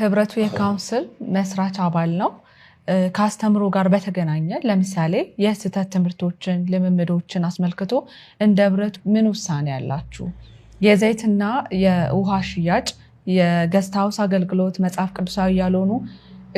ህብረቱ የካውንስል መስራች አባል ነው። ከአስተምሮ ጋር በተገናኘ ለምሳሌ የስህተት ትምህርቶችን፣ ልምምዶችን አስመልክቶ እንደ ህብረቱ ምን ውሳኔ ያላችሁ? የዘይትና የውሃ ሽያጭ፣ የገስት ሃውስ አገልግሎት፣ መጽሐፍ ቅዱሳዊ ያልሆኑ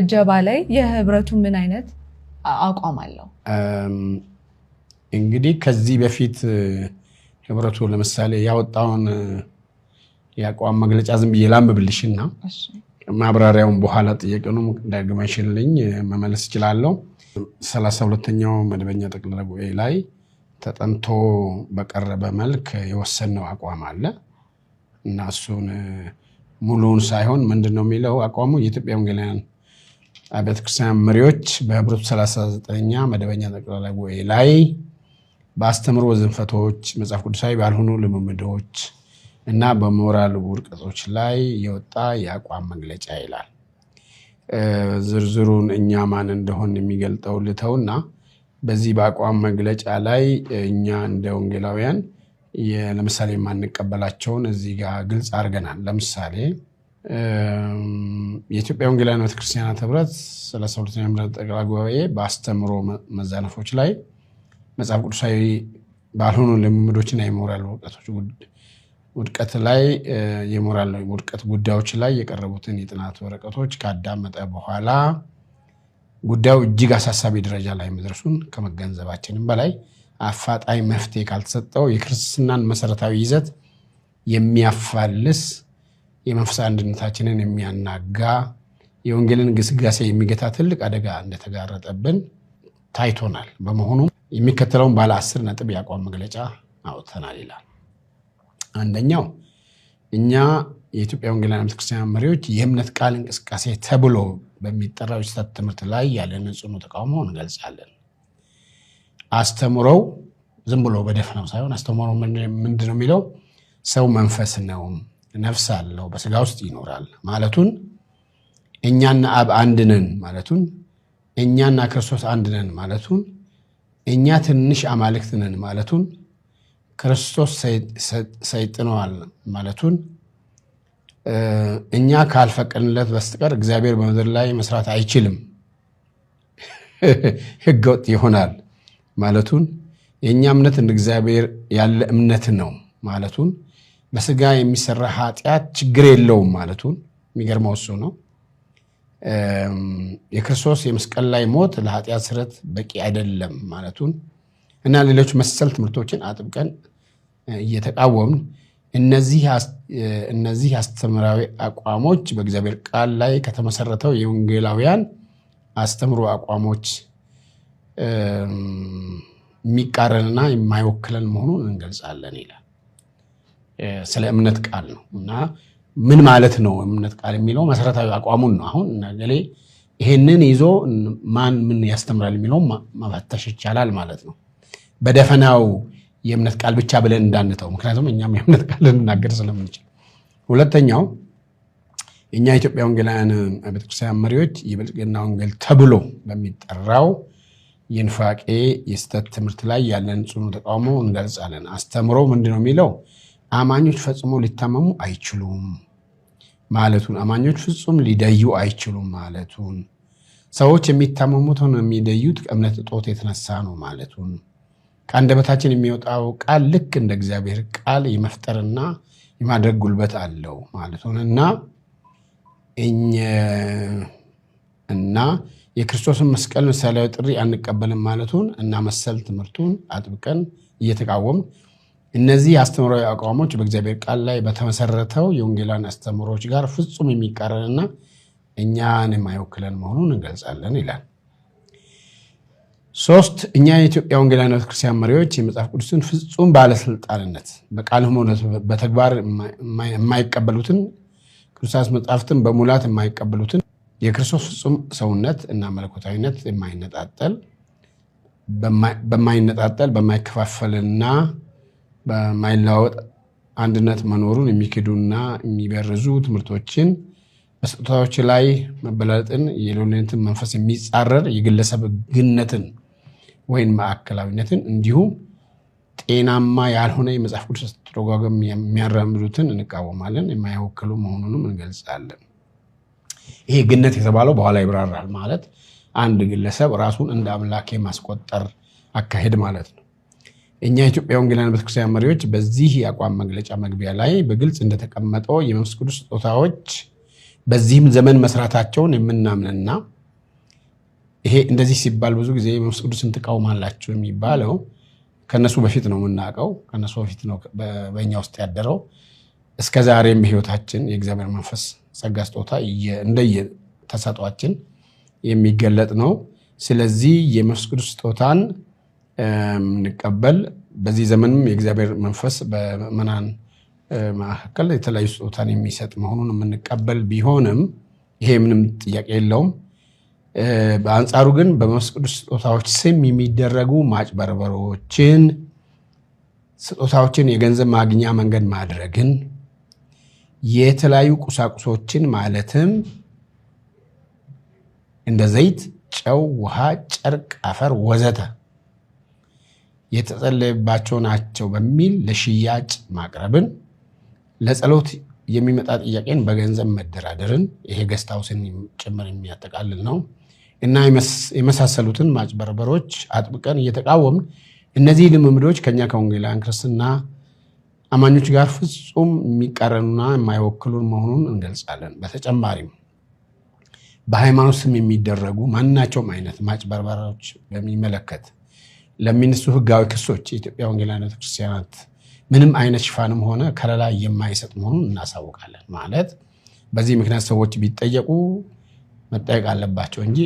እጀባ ላይ የህብረቱ ምን አይነት አቋም አለው? እንግዲህ ከዚህ በፊት ህብረቱ ለምሳሌ ያወጣውን የአቋም መግለጫ ዝም ብዬ ላንብብልሽና ማብራሪያውን በኋላ ጥያቄውንም ደግመሽልኝ መመለስ እችላለሁ። ሰላሳ ሁለተኛው መደበኛ ጠቅላላ ጉባኤ ላይ ተጠንቶ በቀረበ መልክ የወሰነው አቋም አለ እና እሱን ሙሉውን ሳይሆን ምንድን ነው የሚለው አቋሙ የኢትዮጵያ ወንጌላውያን አብያተ ክርስቲያን መሪዎች በህብረቱ ሰላሳ ኛ መደበኛ ጠቅላላ ጉባኤ ላይ በአስተምሮ ዝንፈቶች መጽሐፍ ቅዱሳዊ ባልሆኑ ልምምዶች እና በሞራል ውድቀቶች ላይ የወጣ የአቋም መግለጫ ይላል። ዝርዝሩን እኛ ማን እንደሆን የሚገልጠው ልተውና በዚህ በአቋም መግለጫ ላይ እኛ እንደ ወንጌላውያን ለምሳሌ የማንቀበላቸውን እዚህ ጋር ግልጽ አድርገናል። ለምሳሌ የኢትዮጵያ ወንጌላዊ ቤተክርስቲያናት ህብረት ሰላሳ ሁለተኛ ምሕረት ጠቅላይ ጉባኤ በአስተምሮ መዛነፎች ላይ መጽሐፍ ቅዱሳዊ ባልሆኑ ልምምዶችና የሞራል ውድቀቶች ውድቀት ላይ የሞራላዊ ውድቀት ጉዳዮች ላይ የቀረቡትን የጥናት ወረቀቶች ካዳመጠ በኋላ ጉዳዩ እጅግ አሳሳቢ ደረጃ ላይ መድረሱን ከመገንዘባችንም በላይ አፋጣኝ መፍትሄ ካልተሰጠው የክርስትናን መሰረታዊ ይዘት የሚያፋልስ የመንፈስ አንድነታችንን የሚያናጋ የወንጌልን ግስጋሴ የሚገታ ትልቅ አደጋ እንደተጋረጠብን ታይቶናል። በመሆኑም የሚከተለውን ባለ አስር ነጥብ የአቋም መግለጫ አውጥተናል ይላል። አንደኛው እኛ የኢትዮጵያ ወንጌላውያን ዓመተ ክርስቲያን መሪዎች የእምነት ቃል እንቅስቃሴ ተብሎ በሚጠራው የስህተት ትምህርት ላይ ያለን ጽኑ ተቃውሞ እንገልጻለን። አስተምሮው ዝም ብሎ በደፍናው ሳይሆን አስተምሮ ምንድን ነው የሚለው ሰው መንፈስ ነው፣ ነፍስ አለው፣ በስጋ ውስጥ ይኖራል ማለቱን እኛና አብ አንድነን ማለቱን እኛና ክርስቶስ አንድነን ማለቱን እኛ ትንሽ አማልክትነን ማለቱን ክርስቶስ ሰይጥነዋል ማለቱን እኛ ካልፈቀድንለት በስተቀር እግዚአብሔር በምድር ላይ መስራት አይችልም፣ ህገወጥ ይሆናል ማለቱን የእኛ እምነት እንደ እግዚአብሔር ያለ እምነት ነው ማለቱን በስጋ የሚሰራ ኃጢአት ችግር የለውም ማለቱን የሚገርመው እሱ ነው። የክርስቶስ የመስቀል ላይ ሞት ለኃጢአት ስርየት በቂ አይደለም ማለቱን እና ሌሎች መሰል ትምህርቶችን አጥብቀን እየተቃወምን እነዚህ አስተምራዊ አቋሞች በእግዚአብሔር ቃል ላይ ከተመሰረተው የወንጌላውያን አስተምሮ አቋሞች የሚቃረንና የማይወክለን መሆኑን እንገልጻለን ይላል። ስለ እምነት ቃል ነው እና ምን ማለት ነው እምነት ቃል የሚለው መሰረታዊ አቋሙን ነው። አሁን ይሄንን ይዞ ማን ምን ያስተምራል የሚለው መፈተሽ ይቻላል ማለት ነው። በደፈናው የእምነት ቃል ብቻ ብለን እንዳንተው፣ ምክንያቱም እኛም የእምነት ቃል ልንናገር ስለምንችል። ሁለተኛው እኛ ኢትዮጵያ ወንጌላውያን ቤተክርስቲያን መሪዎች የብልጽግና ወንጌል ተብሎ በሚጠራው የንፋቄ የስህተት ትምህርት ላይ ያለን ጽኑ ተቃውሞ እንገልጻለን። አስተምሮ ምንድነው ነው የሚለው አማኞች ፈጽሞ ሊታመሙ አይችሉም ማለቱን፣ አማኞች ፍጹም ሊደዩ አይችሉም ማለቱን፣ ሰዎች የሚታመሙት ሆነ የሚደዩት ከእምነት እጦት የተነሳ ነው ማለቱን ከአንደበታችን የሚወጣው ቃል ልክ እንደ እግዚአብሔር ቃል የመፍጠርና የማድረግ ጉልበት አለው ማለት ነው እና እና የክርስቶስን መስቀል ምሳሌያዊ ጥሪ አንቀበልም ማለቱን እና መሰል ትምህርቱን አጥብቀን እየተቃወም እነዚህ አስተምራዊ አቋሞች በእግዚአብሔር ቃል ላይ በተመሰረተው የወንጌላን አስተምሮች ጋር ፍጹም የሚቃረንና እኛን የማይወክለን መሆኑን እንገልጻለን ይላል። ሶስት እኛ የኢትዮጵያ ወንጌላውያን ቤተክርስቲያን ክርስቲያን መሪዎች የመጽሐፍ ቅዱስን ፍጹም ባለስልጣንነት በቃልም ሆነ በተግባር የማይቀበሉትን ቅዱሳት መጽሐፍትን በሙላት የማይቀበሉትን የክርስቶስ ፍጹም ሰውነት እና መለኮታዊነት የማይነጣጠል በማይነጣጠል በማይከፋፈልና በማይለዋወጥ አንድነት መኖሩን የሚክዱና የሚበርዙ ትምህርቶችን በስጦታዎች ላይ መበላለጥን፣ የሎሌነትን መንፈስ የሚጻረር የግለሰብ ግነትን ወይም ማዕከላዊነትን እንዲሁም ጤናማ ያልሆነ የመጽሐፍ ቅዱስ አስተረጓጎም የሚያራምዱትን እንቃወማለን፣ የማይወክሉ መሆኑንም እንገልጻለን። ይሄ ግነት የተባለው በኋላ ይብራራል። ማለት አንድ ግለሰብ ራሱን እንደ አምላክ ማስቆጠር አካሄድ ማለት ነው። እኛ የኢትዮጵያ ወንጌላን ቤተክርስቲያን መሪዎች በዚህ የአቋም መግለጫ መግቢያ ላይ በግልጽ እንደተቀመጠው የመንፈስ ቅዱስ ስጦታዎች በዚህም ዘመን መስራታቸውን የምናምንና ይሄ እንደዚህ ሲባል ብዙ ጊዜ መንፈስ ቅዱስን ትቃውማላችሁ የሚባለው ከነሱ በፊት ነው የምናውቀው፣ ከነሱ በፊት ነው በእኛ ውስጥ ያደረው። እስከ ዛሬም በህይወታችን የእግዚአብሔር መንፈስ ጸጋ ስጦታ እንደየተሰጧችን የሚገለጥ ነው። ስለዚህ የመንፈስ ቅዱስ ስጦታን የምንቀበል በዚህ ዘመንም የእግዚአብሔር መንፈስ በምዕመናን መካከል የተለያዩ ስጦታን የሚሰጥ መሆኑን የምንቀበል ቢሆንም ይሄ ምንም ጥያቄ የለውም። በአንጻሩ ግን በመንፈስ ቅዱስ ስጦታዎች ስም የሚደረጉ ማጭበርበሮችን፣ ስጦታዎችን የገንዘብ ማግኛ መንገድ ማድረግን፣ የተለያዩ ቁሳቁሶችን ማለትም እንደ ዘይት፣ ጨው፣ ውሃ፣ ጨርቅ፣ አፈር ወዘተ የተጸለየባቸው ናቸው በሚል ለሽያጭ ማቅረብን ለጸሎት የሚመጣ ጥያቄን በገንዘብ መደራደርን ይሄ ገስታውስን ጭምር የሚያጠቃልል ነው እና የመሳሰሉትን ማጭበርበሮች አጥብቀን እየተቃወምን እነዚህ ልምምዶች ከኛ ከወንጌላውያን ክርስትና አማኞች ጋር ፍጹም የሚቃረኑና የማይወክሉን መሆኑን እንገልጻለን። በተጨማሪም በሃይማኖት ስም የሚደረጉ ማናቸውም አይነት ማጭበርበሮች በሚመለከት ለሚነሱ ህጋዊ ክሶች የኢትዮጵያ ወንጌላውያን ቤተክርስቲያናት ምንም አይነት ሽፋንም ሆነ ከለላ የማይሰጥ መሆኑን እናሳውቃለን። ማለት በዚህ ምክንያት ሰዎች ቢጠየቁ መጠየቅ አለባቸው እንጂ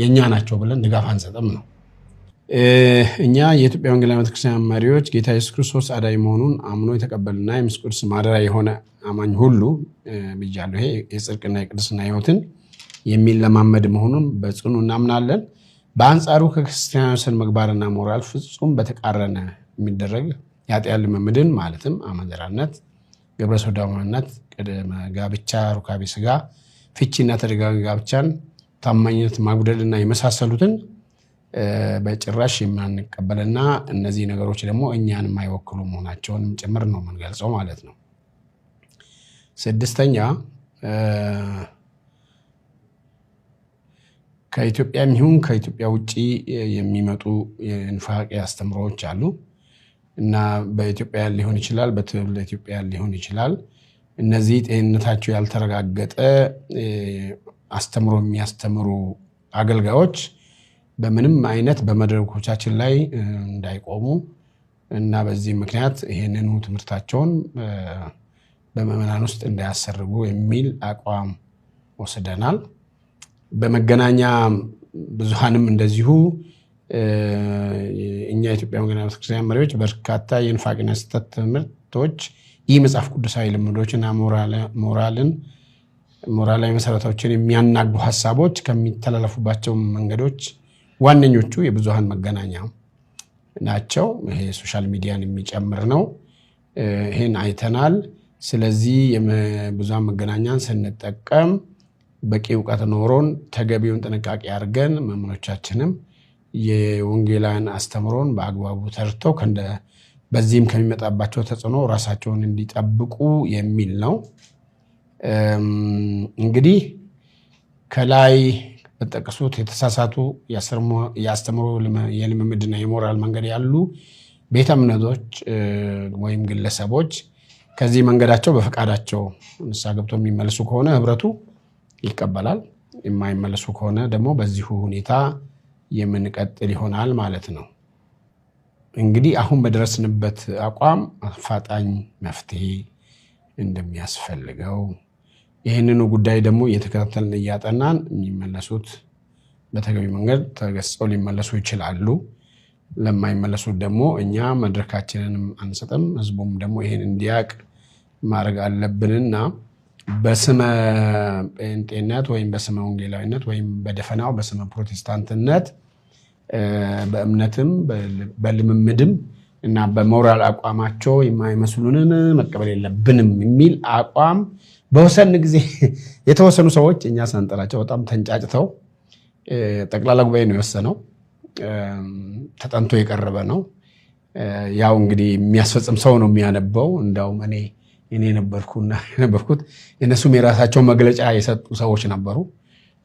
የእኛ ናቸው ብለን ድጋፍ አንሰጥም ነው። እኛ የኢትዮጵያ ወንጌላዊት ቤተክርስቲያን መሪዎች ጌታ ኢየሱስ ክርስቶስ አዳኝ መሆኑን አምኖ የተቀበልና የመንፈስ ቅዱስ ማደሪያ የሆነ አማኝ ሁሉ ብያለሁ። ይሄ የጽድቅና የቅድስና ሕይወትን የሚለማመድ መሆኑን በጽኑ እናምናለን። በአንጻሩ ከክርስቲያኑ ስነ ምግባርና ሞራል ፍጹም በተቃረነ የሚደረግ የኃጢአት ልምምድን ማለትም አመንዝራነት፣ ግብረ ሶዶማዊነት፣ ቅድመ ጋብቻ፣ ሩካቤ ስጋ፣ ፍቺና ተደጋጋሚ ጋብቻን፣ ታማኝነት ማጉደልና የመሳሰሉትን በጭራሽ የማንቀበልና እነዚህ ነገሮች ደግሞ እኛን የማይወክሉ መሆናቸውንም ጭምር ነው የምንገልጸው ማለት ነው። ስድስተኛ ከኢትዮጵያም ይሁን ከኢትዮጵያ ውጭ የሚመጡ የንፋቄ አስተምሮዎች አሉ። እና በኢትዮጵያ ሊሆን ይችላል፣ በትውልደ ኢትዮጵያ ሊሆን ይችላል። እነዚህ ጤንነታቸው ያልተረጋገጠ አስተምሮ የሚያስተምሩ አገልጋዮች በምንም አይነት በመድረኮቻችን ላይ እንዳይቆሙ እና በዚህ ምክንያት ይህንኑ ትምህርታቸውን በምዕመናን ውስጥ እንዳያሰርጉ የሚል አቋም ወስደናል። በመገናኛ ብዙሃንም እንደዚሁ እኛ የኢትዮጵያ ወንጌላዊት ቤተክርስቲያን መሪዎች በርካታ የንፋቅና ስህተት ትምህርቶች ይህ መጽሐፍ ቅዱሳዊ ልምዶችና ሞራልን ሞራላዊ መሰረታዎችን የሚያናጉ ሀሳቦች ከሚተላለፉባቸው መንገዶች ዋነኞቹ የብዙሃን መገናኛ ናቸው። ይሄ ሶሻል ሚዲያን የሚጨምር ነው። ይህን አይተናል። ስለዚህ ብዙን መገናኛን ስንጠቀም በቂ እውቀት ኖሮን ተገቢውን ጥንቃቄ አድርገን መምኖቻችንም የወንጌላን አስተምሮን በአግባቡ ተርተው በዚህም ከሚመጣባቸው ተጽዕኖ ራሳቸውን እንዲጠብቁ የሚል ነው። እንግዲህ ከላይ በጠቀሱት የተሳሳቱ የአስተምሮ የልምምድና የሞራል መንገድ ያሉ ቤተ እምነቶች ወይም ግለሰቦች ከዚህ መንገዳቸው በፈቃዳቸው ንስሐ ገብቶ የሚመለሱ ከሆነ ህብረቱ ይቀበላል። የማይመለሱ ከሆነ ደግሞ በዚሁ ሁኔታ የምንቀጥል ይሆናል ማለት ነው። እንግዲህ አሁን በደረስንበት አቋም አፋጣኝ መፍትሄ እንደሚያስፈልገው ይህንኑ ጉዳይ ደግሞ እየተከታተልን እያጠናን የሚመለሱት በተገቢ መንገድ ተገጸው ሊመለሱ ይችላሉ። ለማይመለሱት ደግሞ እኛ መድረካችንንም አንሰጥም። ህዝቡም ደግሞ ይህን እንዲያቅ ማድረግ አለብንና በስመ ጴንጤነት ወይም በስመ ወንጌላዊነት ወይም በደፈናው በስመ ፕሮቴስታንትነት በእምነትም በልምምድም እና በሞራል አቋማቸው የማይመስሉንን መቀበል የለብንም የሚል አቋም በወሰን ጊዜ የተወሰኑ ሰዎች እኛ ሳንጠራቸው በጣም ተንጫጭተው ጠቅላላ ጉባኤ ነው የወሰነው። ተጠንቶ የቀረበ ነው። ያው እንግዲህ የሚያስፈጽም ሰው ነው የሚያነበው። እንዲያውም እኔ እኔ ነበርኩና የነበርኩት እነሱም የራሳቸው መግለጫ የሰጡ ሰዎች ነበሩ።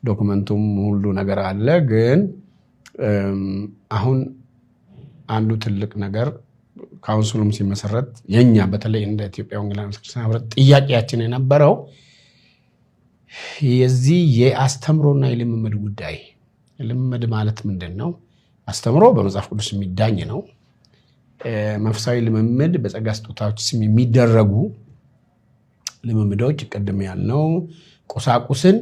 ዶክመንቱም ሁሉ ነገር አለ ግን አሁን አንዱ ትልቅ ነገር ካውንስሉም ሲመሰረት የኛ በተለይ እንደ ኢትዮጵያ ወንጌላውያን ቤተክርስቲያን ህብረት ጥያቄያችን የነበረው የዚህ የአስተምሮና የልምምድ ጉዳይ ልምምድ ማለት ምንድን ነው? አስተምሮ በመጽሐፍ ቅዱስ የሚዳኝ ነው። መንፈሳዊ ልምምድ በጸጋ ስጦታዎች ስም የሚደረጉ ልምምዶች፣ ቅድም ያልነው ቁሳቁስን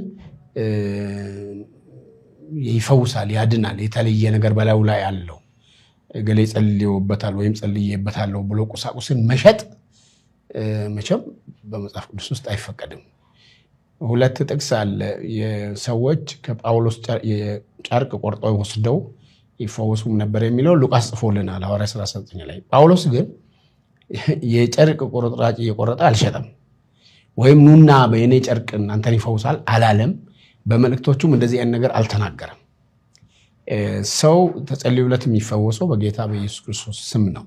ይፈውሳል፣ ያድናል። የተለየ ነገር በላዩ ላይ አለው። እገሌ ጸልዮበታል ወይም ጸልዬበታለሁ ብሎ ቁሳቁስን መሸጥ መቼም በመጽሐፍ ቅዱስ ውስጥ አይፈቀድም። ሁለት ጥቅስ አለ። ሰዎች ከጳውሎስ ጨርቅ ቆርጦ ወስደው ይፈወሱም ነበር የሚለው ሉቃስ ጽፎልናል ሐዋርያት ሥራ 19 ላይ። ጳውሎስ ግን የጨርቅ ቁርጥራጭ እየቆረጠ አልሸጠም። ወይም ኑና በእኔ ጨርቅ እናንተን ይፈውሳል አላለም። በመልእክቶቹም እንደዚህ አይነት ነገር አልተናገረም። ሰው ተጸልዩለት የሚፈወሰው በጌታ በኢየሱስ ክርስቶስ ስም ነው።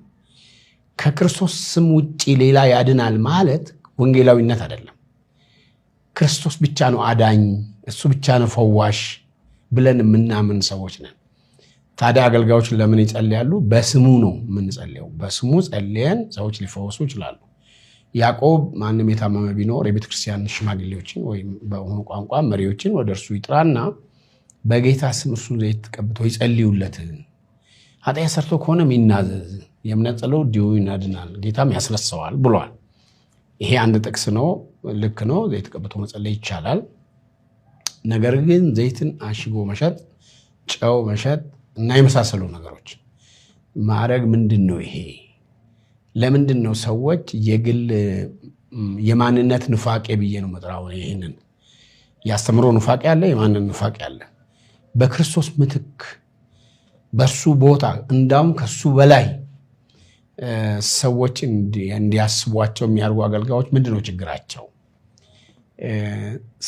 ከክርስቶስ ስም ውጭ ሌላ ያድናል ማለት ወንጌላዊነት አይደለም። ክርስቶስ ብቻ ነው አዳኝ፣ እሱ ብቻ ነው ፈዋሽ ብለን የምናምን ሰዎች ነን። ታዲያ አገልጋዮችን ለምን ይጸልያሉ? በስሙ ነው የምንጸልየው። በስሙ ጸልየን ሰዎች ሊፈወሱ ይችላሉ። ያዕቆብ ማንም የታመመ ቢኖር የቤተክርስቲያን ሽማግሌዎችን ወይም በሆኑ ቋንቋ መሪዎችን ወደ እርሱ ይጥራና በጌታ ስም እርሱ ዘይት ቀብቶ ይጸልዩለት። ኃጢአት ሰርቶ ከሆነ ይናዘዝ፣ የእምነት ጸሎት እንዲሁ ይናድናል፣ ጌታም ያስረሳዋል ብሏል። ይሄ አንድ ጥቅስ ነው። ልክ ነው። ዘይት ቀብቶ መጸለይ ይቻላል። ነገር ግን ዘይትን አሽጎ መሸጥ፣ ጨው መሸጥ እና የመሳሰሉ ነገሮች ማድረግ ምንድን ነው ይሄ ለምንድን ነው ሰዎች የግል የማንነት ንፋቄ ብዬ ነው መጥራው። ይህንን የአስተምሮ ኑፋቄ አለ፣ የማንነት ኑፋቄ አለ። በክርስቶስ ምትክ በሱ ቦታ እንዳውም ከሱ በላይ ሰዎች እንዲያስቧቸው የሚያደርጉ አገልጋዮች ምንድን ነው ችግራቸው?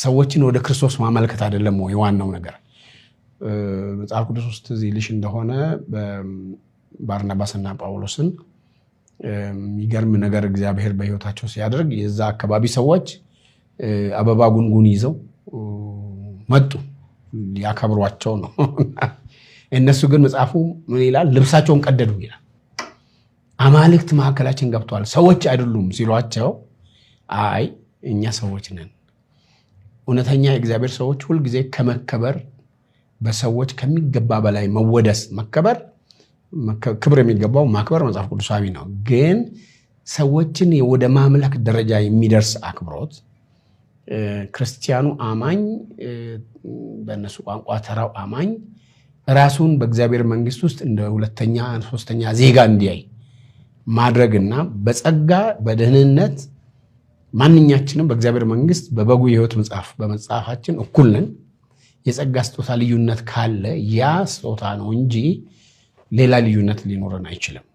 ሰዎችን ወደ ክርስቶስ ማመልከት አይደለም ወይ ዋናው ነገር? መጽሐፍ ቅዱስ ውስጥ እዚህ ልሽ እንደሆነ ባርናባስና ጳውሎስን የሚገርም ነገር እግዚአብሔር በህይወታቸው ሲያደርግ የዛ አካባቢ ሰዎች አበባ ጉንጉን ይዘው መጡ። ያከብሯቸው ነው። እነሱ ግን መጽሐፉ ምን ይላል? ልብሳቸውን ቀደዱ ይላል። አማልክት መካከላችን ገብተዋል፣ ሰዎች አይደሉም ሲሏቸው፣ አይ እኛ ሰዎች ነን። እውነተኛ የእግዚአብሔር ሰዎች ሁልጊዜ ከመከበር በሰዎች ከሚገባ በላይ መወደስ መከበር ክብር የሚገባው ማክበር መጽሐፍ ቅዱሳዊ ነው። ግን ሰዎችን ወደ ማምለክ ደረጃ የሚደርስ አክብሮት ክርስቲያኑ አማኝ በእነሱ ቋንቋ ተራው አማኝ ራሱን በእግዚአብሔር መንግስት ውስጥ እንደ ሁለተኛ ሶስተኛ ዜጋ እንዲያይ ማድረግና በጸጋ በደህንነት ማንኛችንም በእግዚአብሔር መንግስት በበጉ የህይወት መጽሐፍ በመጽሐፋችን እኩል ነን። የጸጋ ስጦታ ልዩነት ካለ ያ ስጦታ ነው እንጂ ሌላ ልዩነት ሊኖረን አይችልም።